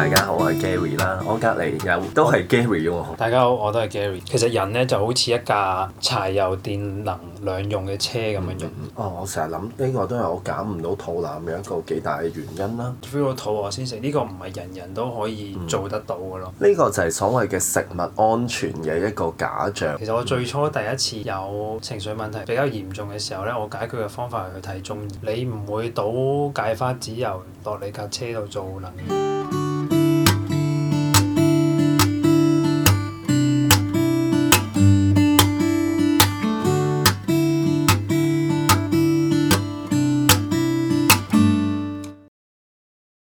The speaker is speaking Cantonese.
大家好，我係 Gary 啦，我隔離有都係 Gary 喎、哦。大家好，我都係 Gary。其實人呢就好似一架柴油電能兩用嘅車咁樣樣、嗯嗯。哦，我成日諗呢個都係我減唔到肚腩嘅一個幾大嘅原因啦。肚餓我先食，呢、這個唔係人人都可以做得到嘅咯。呢、嗯這個就係所謂嘅食物安全嘅一個假象。其實我最初第一次有情緒問題比較嚴重嘅時候呢，我解決嘅方法係去睇中醫。你唔會倒芥花籽油落你架車度做能源。